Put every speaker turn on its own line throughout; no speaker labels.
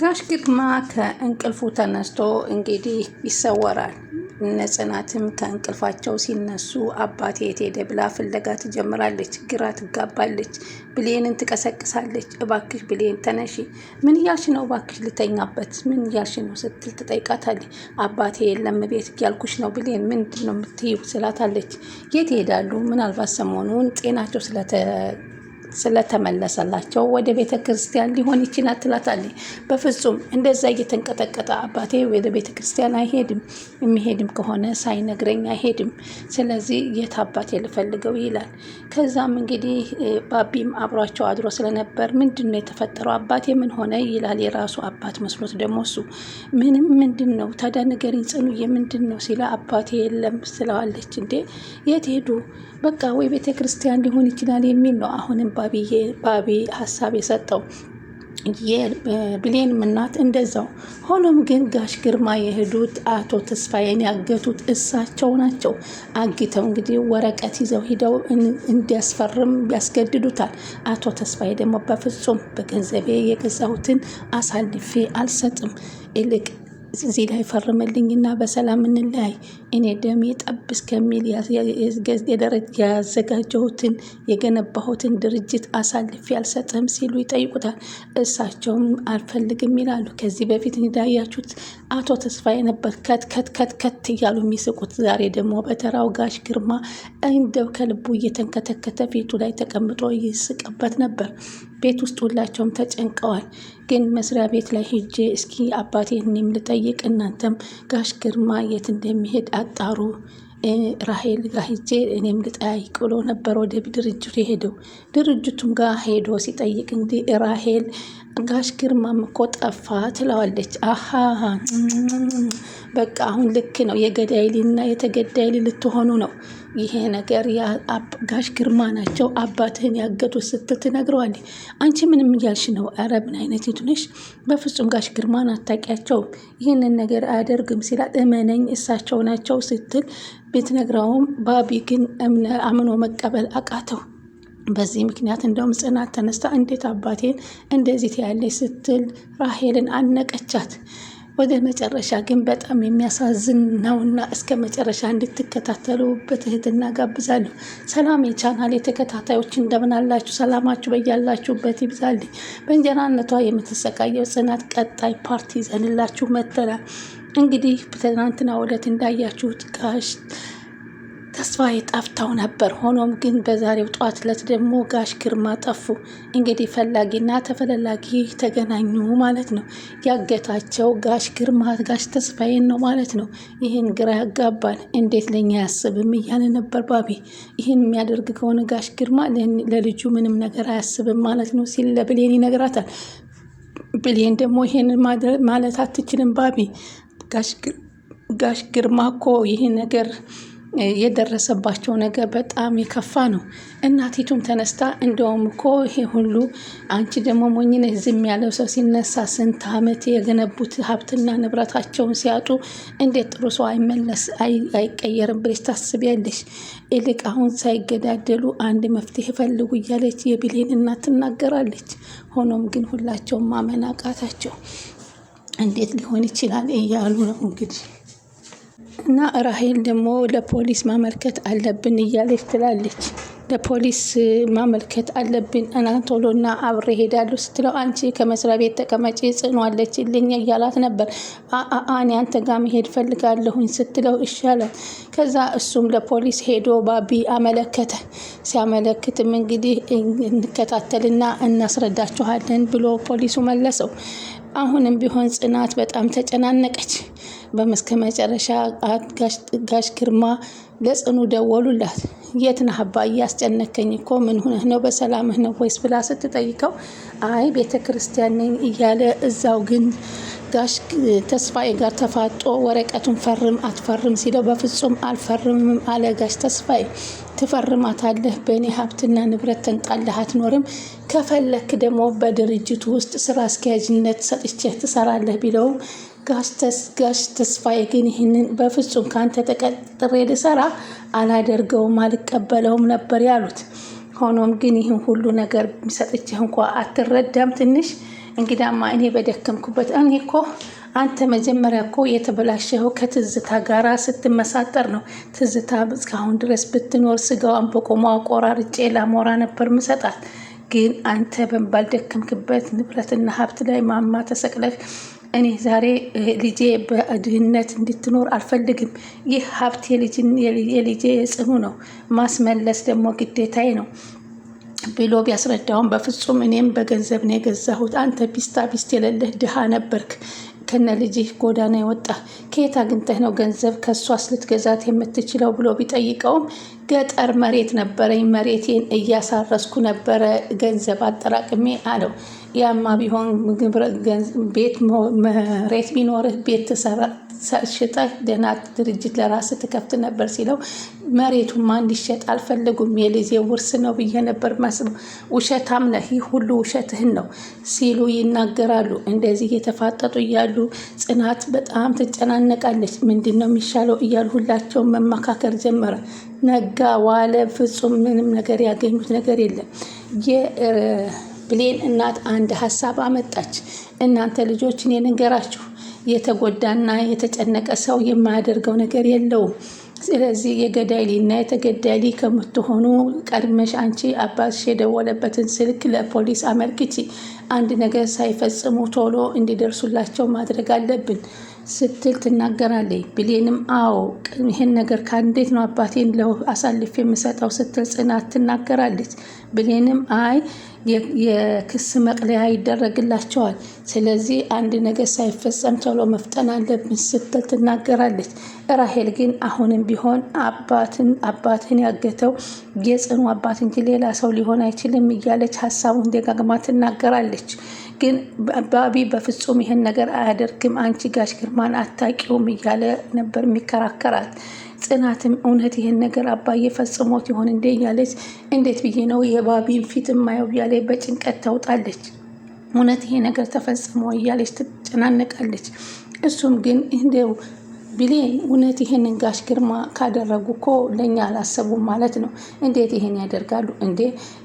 ጋሽ ግርማ ከእንቅልፉ ተነስቶ እንግዲህ ይሰወራል። እነ ጽናትም ከእንቅልፋቸው ሲነሱ አባቴ የት ሄደ ብላ ፍለጋ ትጀምራለች። ግራ ትጋባለች። ብሌንን ትቀሰቅሳለች። እባክሽ ብሌን ተነሺ፣ ምን እያልሽ ነው? እባክሽ ልተኛበት፣ ምን እያልሽ ነው ስትል ትጠይቃታለች። አባቴ የለም ቤት እያልኩሽ ነው ብሌን፣ ምንድን ነው የምትይው? ስላታለች። የት ይሄዳሉ? ምናልባት ሰሞኑን ጤናቸው ስለተ ስለተመለሰላቸው ወደ ቤተ ክርስቲያን ሊሆን ይችላል ትላታለች። በፍጹም እንደዛ እየተንቀጠቀጠ አባቴ ወደ ቤተ ክርስቲያን አይሄድም፣ የሚሄድም ከሆነ ሳይነግረኝ አይሄድም። ስለዚህ የት አባቴ ልፈልገው ይላል። ከዛም እንግዲህ ባቢም አብሯቸው አድሮ ስለነበር ምንድን ነው የተፈጠረው አባቴ ምን ሆነ ይላል። የራሱ አባት መስሎት ደግሞ እሱ ምንም ምንድን ነው ታዲያ ንገሪኝ ጽኑዬ ምንድን ነው ሲለ አባቴ የለም ስለዋለች እንዴ የት ሄዱ? በቃ ወይ ቤተ ክርስቲያን ሊሆን ይችላል የሚል ነው አሁንም ባቢ ሀሳብ የሰጠው የብሌንም እናት እንደዛው። ሆኖም ግን ጋሽ ግርማ የሄዱት አቶ ተስፋዬን ያገቱት እሳቸው ናቸው። አግተው እንግዲህ ወረቀት ይዘው ሂደው እንዲያስፈርም ያስገድዱታል። አቶ ተስፋዬ ደግሞ በፍጹም በገንዘቤ የገዛሁትን አሳልፌ አልሰጥም፣ ይልቅ እዚህ ላይ እና በሰላም እንለያይ፣ እኔ ደሜ ጠብ እስከሚል ያዘጋጀሁትን የገነባሁትን ድርጅት አሳልፌ ያልሰጠም ሲሉ ይጠይቁታል። እሳቸውም አልፈልግም ይላሉ። ከዚህ በፊት እንዳያችሁት አቶ ተስፋዬ ነበር ከትከት ከት እያሉ የሚስቁት። ዛሬ ደግሞ በተራው ጋሽ ግርማ እንደው ከልቡ እየተንከተከተ ፊቱ ላይ ተቀምጦ ይስቅበት ነበር። ቤት ውስጥ ሁላቸውም ተጨንቀዋል። ግን መስሪያ ቤት ላይ ሄጄ እስኪ አባቴ እኔም ልጠይቅ እናንተም ጋሽ ግርማ የት እንደሚሄድ አጣሩ ራሄል ጋር ሄጄ እኔም ልጠያይቅ ብሎ ነበር ወደ ድርጅቱ የሄደው። ድርጅቱም ጋር ሄዶ ሲጠይቅ እንግዲህ ራሄል ጋሽ ግርማም እኮ ጠፋ ትለዋለች። አሃ በቃ አሁን ልክ ነው የገዳይሊ ልና የተገዳይሊ ልትሆኑ ነው። ይሄ ነገር ጋሽ ግርማ ናቸው አባትህን ያገጡት ስትል ትነግረዋለች። አንቺ ምንም እያልሽ ነው? ኧረ ምን አይነት ይቱነሽ? በፍጹም ጋሽ ግርማን አታውቂያቸውም። ይህንን ነገር አያደርግም ሲላት እመነኝ እሳቸው ናቸው ስትል ብትነግረውም ባቢ ግን አምኖ መቀበል አቃተው። በዚህ ምክንያት እንደውም ጽናት ተነስታ እንዴት አባቴን እንደዚህ ትያለች ስትል ራሄልን አነቀቻት። ወደ መጨረሻ ግን በጣም የሚያሳዝን ነውና እስከ መጨረሻ እንድትከታተሉበት እህትና ጋብዛለሁ። ሰላም የቻናል የተከታታዮች እንደምን አላችሁ? ሰላማችሁ በያላችሁበት ይብዛልኝ። በእንጀራነቷ የምትሰቃየው ጽናት ቀጣይ ፓርቲ ይዘንላችሁ መጥተናል። እንግዲህ ትናንትና ዕለት እንዳያችሁት ተስፋዬ ጠፍተው ነበር። ሆኖም ግን በዛሬው ጠዋት ለት ደግሞ ጋሽ ግርማ ጠፉ። እንግዲህ ፈላጊና ተፈላላጊ ተገናኙ ማለት ነው። ያገታቸው ጋሽ ግርማ ጋሽ ተስፋዬን ነው ማለት ነው። ይህን ግራ ያጋባል። እንዴት ለኛ አያስብም እያለ ነበር ባቢ። ይህን የሚያደርግ ከሆነ ጋሽ ግርማ ለልጁ ምንም ነገር አያስብም ማለት ነው ሲል ለብሌን ይነግራታል። ብሌን ደግሞ ይህን ማለት አትችልም ባቢ ጋሽ ግርማ እኮ ይህ ነገር የደረሰባቸው ነገር በጣም የከፋ ነው። እናቲቱም ተነስታ እንደውም እኮ ይሄ ሁሉ አንቺ ደግሞ ሞኝነሽ ዝም ያለው ሰው ሲነሳ ስንት ዓመት የገነቡት ሀብትና ንብረታቸውን ሲያጡ እንዴት ጥሩ ሰው አይመለስ አይቀየርም ብለሽ ታስቢያለሽ? ይልቅ አሁን ሳይገዳደሉ አንድ መፍትሄ ፈልጉ እያለች የብሌን እናት ትናገራለች። ሆኖም ግን ሁላቸውም ማመን አቃታቸው። እንዴት ሊሆን ይችላል እያሉ ነው እንግዲህ እና ራሄል ደግሞ ለፖሊስ ማመልከት አለብን እያለች ትላለች። ለፖሊስ ማመልከት አለብን እናቶሎና አብሬ ሄዳሉ ስትለው አንቺ ከመስሪያ ቤት ተቀመጪ ጽኗለች ልኝ እያላት ነበር። አአአን ያንተ ጋር መሄድ ፈልጋለሁኝ ስትለው ይሻላል። ከዛ እሱም ለፖሊስ ሄዶ ባቢ አመለከተ። ሲያመለክትም እንግዲህ እንከታተልና እናስረዳችኋለን ብሎ ፖሊሱ መለሰው። አሁንም ቢሆን ጽናት በጣም ተጨናነቀች። በመስከ መጨረሻ ጋሽ ግርማ ለጽኑ ደወሉላት። የት ነህ አባ? እያስጨነከኝ እኮ ምን ሆነህ ነው? በሰላምህ ነው ወይስ ብላ ስትጠይቀው አይ ቤተ ክርስቲያን ነኝ እያለ እዛው ግን ጋሽ ተስፋዬ ጋር ተፋጦ ወረቀቱን ፈርም አትፈርም ሲለው በፍጹም አልፈርምም አለ ጋሽ ተስፋዬ። ትፈርማታለህ፣ በእኔ ሀብትና ንብረት ተንጣለህ አትኖርም፣ ከፈለክ ደግሞ በድርጅቱ ውስጥ ስራ አስኪያጅነት ሰጥቼህ ትሰራለህ ቢለውም ጋሽ ተስፋዬ ግን ይህንን በፍጹም ካንተ ተቀጥሬ ልሰራ አላደርገውም፣ አልቀበለውም ነበር ያሉት። ሆኖም ግን ይህን ሁሉ ነገር ሚሰጥችህ እንኳ አትረዳም። ትንሽ እንግዳማ እኔ በደከምኩበት እኔ እኮ አንተ መጀመሪያ እኮ የተበላሸው ከትዝታ ጋራ ስትመሳጠር ነው። ትዝታ እስካሁን ድረስ ብትኖር ስጋዋን በቆሞ አቆራርጬ ላሞራ ነበር ምሰጣት። ግን አንተ ባልደከምክበት ንብረትና ሀብት ላይ ማማ ተሰቅለህ እኔ ዛሬ ልጄ በድህነት እንድትኖር አልፈልግም። ይህ ሀብት የልጄ ጽኑ ነው፣ ማስመለስ ደግሞ ግዴታዬ ነው ብሎ ቢያስረዳውን በፍጹም እኔም በገንዘብ ነው የገዛሁት። አንተ ቢስታ ቢስት የሌለህ ድሃ ነበርክ። ከነ ልጅህ ጎዳና የወጣ ከየት አግኝተህ ነው ገንዘብ ከእሷስ ልትገዛት የምትችለው ብሎ ቢጠይቀውም ገጠር መሬት ነበረኝ፣ መሬቴን እያሳረስኩ ነበረ ገንዘብ አጠራቅሜ አለው። ያማ ቢሆን ቤት መሬት ቢኖርህ ቤት ትሰራ ሽጠህ ደህና ድርጅት ለራስ ትከፍት ነበር ሲለው፣ መሬቱማ እንዲሸጥ አልፈልጉም የልጄ ውርስ ነው ብዬ ነበር ማስበው። ውሸታም ነህ፣ ይህ ሁሉ ውሸትህን ነው ሲሉ ይናገራሉ። እንደዚህ የተፋጠጡ እያሉ ጽናት በጣም ትጨናነቃለች። ምንድን ነው የሚሻለው እያሉ ሁላቸውን መመካከር ጀመረ። ነጋ ዋለ፣ ፍጹም ምንም ነገር ያገኙት ነገር የለም። የብሌን እናት አንድ ሀሳብ አመጣች። እናንተ ልጆች እኔ ንገራችሁ፣ የተጎዳና የተጨነቀ ሰው የማያደርገው ነገር የለውም። ስለዚህ የገዳይ ሊና የተገዳይ ሊ ከምትሆኑ ቀድመሽ አንቺ አባትሽ የደወለበትን ስልክ ለፖሊስ አመልክቺ። አንድ ነገር ሳይፈጽሙ ቶሎ እንዲደርሱላቸው ማድረግ አለብን። ስትል ትናገራለች። ብሌንም አዎ ይህን ነገር ከእንዴት ነው አባቴን አሳልፍ የምሰጠው ስትል ጽናት ትናገራለች። ብሌንም አይ የክስ መቅለያ ይደረግላቸዋል፣ ስለዚህ አንድ ነገር ሳይፈጸም ቶሎ መፍጠን አለብን ስትል ትናገራለች። ራሄል ግን አሁንም ቢሆን አባትን አባትን ያገተው የጽኑ አባት እንጂ ሌላ ሰው ሊሆን አይችልም እያለች ሀሳቡን ደጋግማ ትናገራለች። ግን ባቢ በፍጹም ይህን ነገር አያደርግም፣ አንቺ ጋሽ ግርማን አታቂውም እያለ ነበር የሚከራከራት። ጽናትም እውነት ይህን ነገር አባዬ ፈጽሞት ይሆን እንዴ እያለች እንዴት ብዬ ነው የባቢን ፊት የማየው እያለ በጭንቀት ታውጣለች። እውነት ይሄ ነገር ተፈጽሞ እያለች ትጨናነቃለች። እሱም ግን እንደው ብሌን እውነት ይህንን ጋሽ ግርማ ካደረጉ እኮ ለእኛ አላሰቡም ማለት ነው። እንዴት ይሄን ያደርጋሉ እንዴ?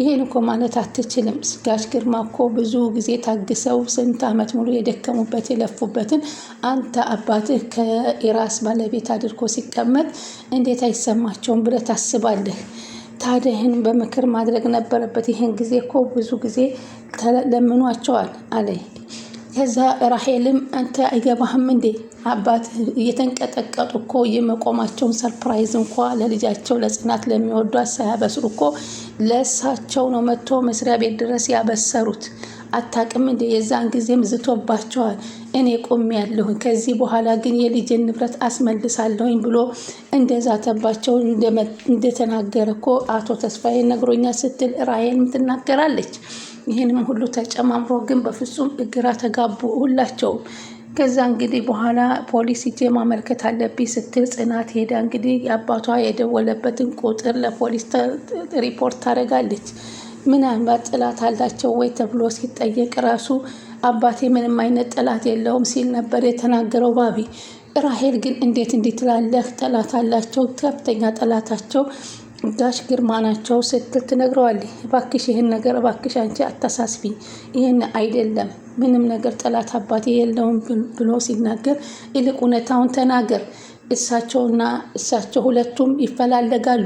ይሄን እኮ ማለት አትችልም። ጋሽ ግርማ እኮ ብዙ ጊዜ ታግሰው ስንት ዓመት ሙሉ የደከሙበት የለፉበትን አንተ አባትህ ከኢራስ ባለቤት አድርጎ ሲቀመጥ እንዴት አይሰማቸውም ብለህ ታስባለህ? ታዲያ ይህን በምክር ማድረግ ነበረበት። ይህን ጊዜ እኮ ብዙ ጊዜ ለምኗቸዋል አለ ከዛ ራሄልም አንተ አይገባህም እንዴ አባት እየተንቀጠቀጡ እኮ የመቆማቸውን ሰርፕራይዝ እንኳ ለልጃቸው ለጽናት ለሚወዷት ሳያበስሩ እኮ ለእሳቸው ነው መጥቶ መስሪያ ቤት ድረስ ያበሰሩት። አታቅም እንደ የዛን ጊዜም ዝቶባቸዋል። እኔ ቁም ያለሁኝ ከዚህ በኋላ ግን የልጅን ንብረት አስመልሳለሁኝ ብሎ እንደዛተባቸው እንደተናገረ እኮ አቶ ተስፋዬ ነግሮኛ ስትል ራሄልም ትናገራለች። ይህንም ሁሉ ተጨማምሮ ግን በፍጹም ግራ ተጋቡ ሁላቸውም። ከዛ እንግዲህ በኋላ ፖሊስ ሂጄ ማመልከት አለብኝ ስትል ጽናት ሄዳ እንግዲህ አባቷ የደወለበትን ቁጥር ለፖሊስ ሪፖርት ታደርጋለች። ምናልባት ጥላት አላቸው ወይ ተብሎ ሲጠየቅ ራሱ አባቴ ምንም አይነት ጥላት የለውም ሲል ነበር የተናገረው ባቢ። ራሄል ግን እንዴት እንዲህ ትላለህ? አላቸው፣ ከፍተኛ ጥላታቸው ጋሽ ግርማ ናቸው ስትል ትነግረዋለች። እባክሽ ይህን ነገር እባክሽ አንቺ አታሳስቢኝ፣ ይህን አይደለም ምንም ነገር ጥላት አባቴ የለውም ብሎ ሲናገር ይልቅ እውነታውን ተናገር። እሳቸውና እሳቸው ሁለቱም ይፈላለጋሉ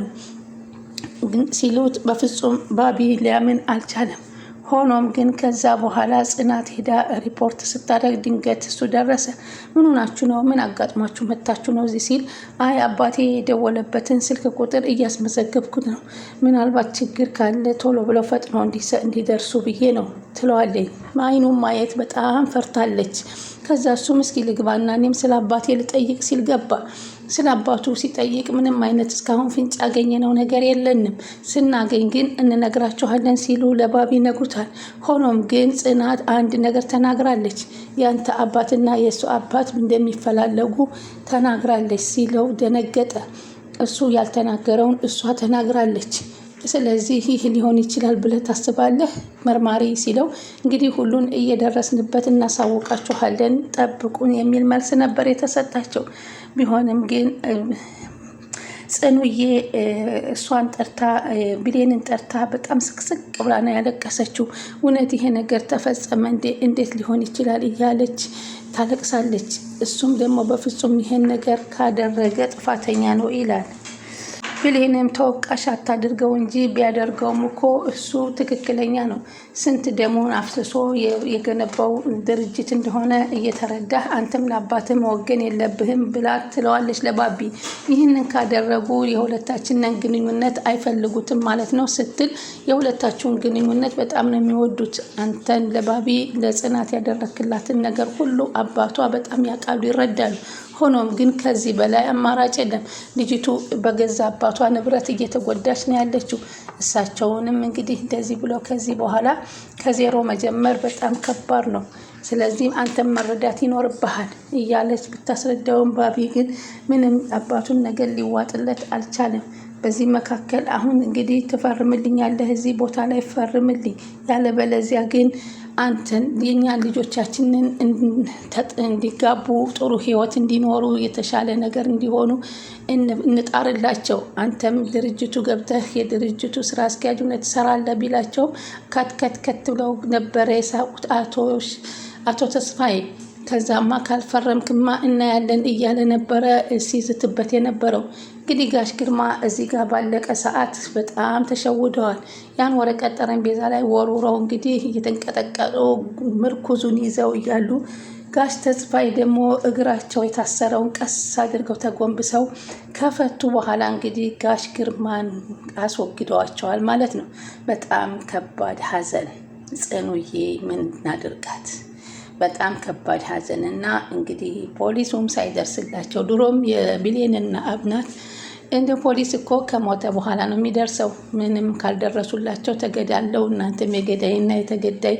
ሲሉት በፍጹም ባቢ ሊያምን አልቻለም። ሆኖም ግን ከዛ በኋላ ጽናት ሄዳ ሪፖርት ስታደርግ ድንገት እሱ ደረሰ። ምን ሆናችሁ ነው? ምን አጋጥሟችሁ መታችሁ ነው እዚህ? ሲል አይ አባቴ የደወለበትን ስልክ ቁጥር እያስመዘገብኩት ነው፣ ምናልባት ችግር ካለ ቶሎ ብለው ፈጥኖ እንዲደርሱ ብዬ ነው ትለዋለች። አይኑን ማየት በጣም ፈርታለች። ከዛ እሱም እስኪ ልግባና እኔም ስለ አባቴ ልጠይቅ ሲል ገባ። ስለ አባቱ ሲጠይቅ ምንም አይነት እስካሁን ፍንጭ ያገኘነው ነገር የለንም፣ ስናገኝ ግን እንነግራችኋለን ሲሉ ለባቢ ይነግሩታል። ሆኖም ግን ጽናት አንድ ነገር ተናግራለች። ያንተ አባትና የእሱ አባት እንደሚፈላለጉ ተናግራለች ሲለው ደነገጠ። እሱ ያልተናገረውን እሷ ተናግራለች። ስለዚህ ይህ ሊሆን ይችላል ብለህ ታስባለህ መርማሪ ሲለው እንግዲህ ሁሉን እየደረስንበት እናሳውቃችኋለን ጠብቁን የሚል መልስ ነበር የተሰጣቸው። ቢሆንም ግን ጽኑዬ እሷን ጠርታ ብሌንን ጠርታ በጣም ስቅስቅ ብላ ነው ያለቀሰችው። እውነት ይሄ ነገር ተፈጸመ እንዴት ሊሆን ይችላል እያለች ታለቅሳለች። እሱም ደግሞ በፍጹም ይሄን ነገር ካደረገ ጥፋተኛ ነው ይላል። ብሌንም ተወቃሽ አታድርገው እንጂ ቢያደርገውም እኮ እሱ ትክክለኛ ነው። ስንት ደሙን አፍስሶ የገነባው ድርጅት እንደሆነ እየተረዳህ አንተም ለአባትህ መወገን የለብህም ብላ ትለዋለች ለባቢ። ይህንን ካደረጉ የሁለታችንን ግንኙነት አይፈልጉትም ማለት ነው ስትል የሁለታችሁን ግንኙነት በጣም ነው የሚወዱት። አንተን ለባቢ ለጽናት ያደረክላትን ነገር ሁሉ አባቷ በጣም ያውቃሉ፣ ይረዳሉ። ሆኖም ግን ከዚህ በላይ አማራጭ የለም። ልጅቱ በገዛ አባቷ ንብረት እየተጎዳች ነው ያለችው። እሳቸውንም እንግዲህ እንደዚህ ብሎ ከዚህ በኋላ ከዜሮ መጀመር በጣም ከባድ ነው። ስለዚህም አንተም መረዳት ይኖርብሃል እያለች ብታስረዳውን ባቢ ግን ምንም አባቱን ነገር ሊዋጥለት አልቻለም። በዚህ መካከል አሁን እንግዲህ ትፈርምልኛለህ፣ እዚህ ቦታ ላይ ፈርምልኝ፣ ያለበለዚያ ግን አንተን የኛ ልጆቻችንን እንዲጋቡ ጥሩ ህይወት እንዲኖሩ የተሻለ ነገር እንዲሆኑ እንጣርላቸው። አንተም ድርጅቱ ገብተህ የድርጅቱ ስራ አስኪያጅ ሆነህ ትሰራለህ ቢላቸውም ከትከትከት ብለው ነበረ የሳቁት አቶ ተስፋዬ። ከዛማ ካልፈረምክማ እናያለን እያለ ነበረ ሲዝትበት የነበረው እንግዲህ ጋሽ ግርማ እዚህ ጋር ባለቀ ሰዓት በጣም ተሸውደዋል። ያን ወረቀት ጠረጴዛ ላይ ወርውረው እንግዲህ እየተንቀጠቀጡ ምርኩዙን ይዘው እያሉ ጋሽ ተስፋዬ ደግሞ እግራቸው የታሰረውን ቀስ አድርገው ተጎንብሰው ከፈቱ በኋላ እንግዲህ ጋሽ ግርማን አስወግደዋቸዋል ማለት ነው። በጣም ከባድ ሐዘን ጽኑዬ ምን እናድርጋት? በጣም ከባድ ሀዘን እና እንግዲህ ፖሊሱም ሳይደርስላቸው ድሮም የቢሌንና አብናት እንደ ፖሊስ እኮ ከሞተ በኋላ ነው የሚደርሰው። ምንም ካልደረሱላቸው ተገዳለው እናንተም የገዳይና የተገዳይ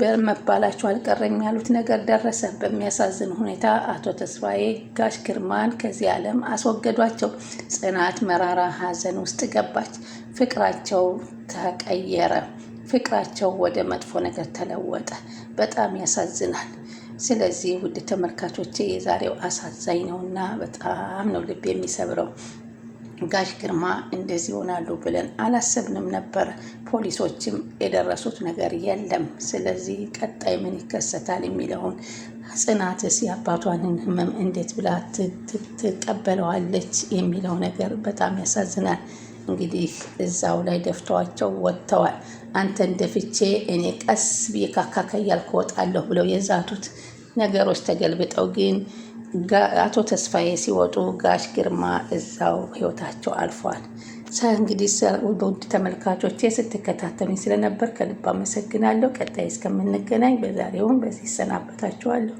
በመባላቸው አልቀረም ያሉት ነገር ደረሰ። በሚያሳዝን ሁኔታ አቶ ተስፋዬ ጋሽ ግርማን ከዚህ ዓለም አስወገዷቸው። ጽናት መራራ ሀዘን ውስጥ ገባች። ፍቅራቸው ተቀየረ። ፍቅራቸው ወደ መጥፎ ነገር ተለወጠ። በጣም ያሳዝናል። ስለዚህ ውድ ተመልካቾቼ የዛሬው አሳዛኝ ነውና በጣም ነው ልብ የሚሰብረው። ጋሽ ግርማ እንደዚህ ይሆናሉ ብለን አላሰብንም ነበር። ፖሊሶችም የደረሱት ነገር የለም። ስለዚህ ቀጣይ ምን ይከሰታል የሚለውን ጽናትስ የአባቷንን ሕመም እንዴት ብላ ትቀበለዋለች የሚለው ነገር በጣም ያሳዝናል። እንግዲህ እዛው ላይ ደፍተዋቸው ወጥተዋል። አንተ እንደፍቼ እኔ ቀስ ብዬ ካካካ እያልኩ እወጣለሁ ብለው የዛቱት ነገሮች ተገልብጠው ግን አቶ ተስፋዬ ሲወጡ ጋሽ ግርማ እዛው ህይወታቸው አልፏል። እንግዲህ ውድ ተመልካቾች ስትከታተሉኝ ስለነበር ከልብ አመሰግናለሁ። ቀጣይ እስከምንገናኝ በዛሬውን በዚህ ይሰናበታችኋለሁ።